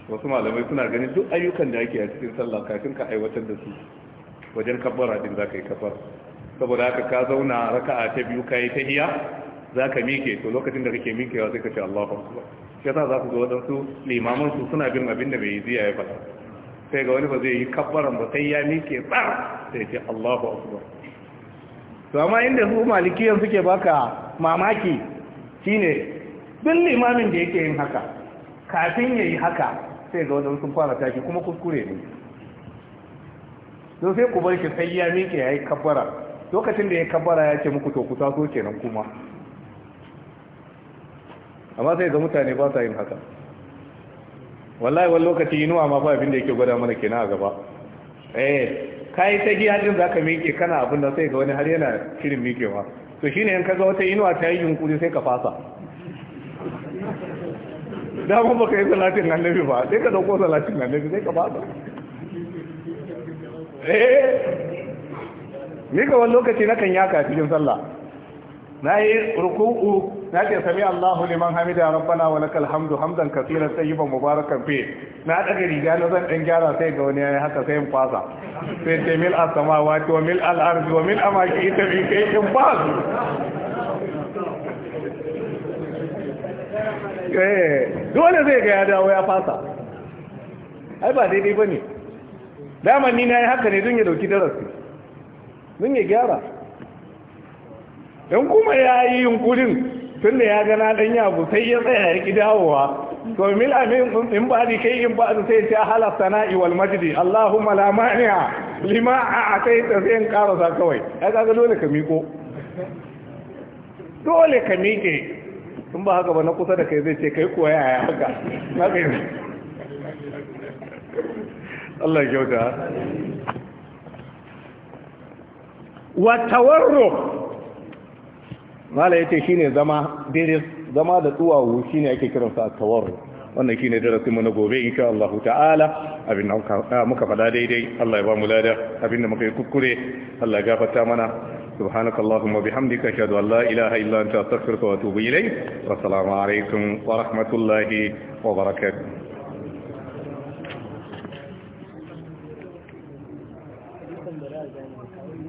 wasu malamai suna ganin duk ayyukan da ake a cikin sallah kafin ka aiwatar da su wajen kabbara din za ka yi kabbar saboda haka ka zauna raka'a ta biyu ka yi iya za ka miƙe to lokacin da kake miƙewa sai ka ce Allahu akbar sai za ku ga wadansu limaman su suna bin abin da bai yi ziya ya faɗa sai ga wani ba zai yi kabbaran ba sai ya miƙe tsar sai ce Allahu akbar to amma inda su malikiyan suke baka mamaki shine duk limamin da yake yin haka kafin yayi haka sai ga wadansu sun fara tashi kuma kuskure ne don sai ku bar shi sai ya miƙe ya yi kabbara lokacin da ya kabbara ya ce muku to ku taso kenan kuma amma sai ga mutane ba sa yin haka wallahi wani lokaci inuwa ma ba abin da yake gwada mana kenan a gaba eh yi ta giya din zaka miƙe kana abin da sai ga wani har yana shirin miƙewa to shine in kaga wata inuwa ta yi yunkuri sai ka fasa da mun baka yi salatin annabi ba sai ka dauko salatin annabi sai ka fasa Eh. ni ga wani lokaci na kan yaka cikin sallah na yi ruku'u na ce sami Allahu liman hamida rabbana wa lakal hamdu hamdan yi ba mubarakan fi na daga riga na zan ɗan gyara sai ga wani yayi haka sai in fasa sai ce mil a samawati wa mil al'arzi wa mil amaki ita bi kai in fasa eh dole zai ga ya dawo ya fasa ai ba daidai ne dama ni na yi haka ne don ya dauki darasi don ya gyara don kuma ya yi yunkurin tun da ya gana dan yabu sai ya tsaya ya ki dawowa to mil amin in ba ni kai in ba su sai ta hala sana'i wal majdi allahumma la mani'a lima a'taita sai in karasa kawai ai kaga dole ka miko dole ka mike in ba haka ba na kusa da kai zai ce kai kuwa yaya haka Allah ya kyauta wa tawarruk mala yace shine zama dire zama da duwawu shine ake kiransa a tawarruk wannan shine darasin mu na gobe insha Allah ta'ala abin da muka ah, fada daidai Allah ya ba mu lada abin da muka yi kukkure Allah ya gafarta mana سبحانك اللهم وبحمدك اشهد ان لا اله الا انت استغفرك واتوب اليك والسلام عليكم ورحمه الله وبركاته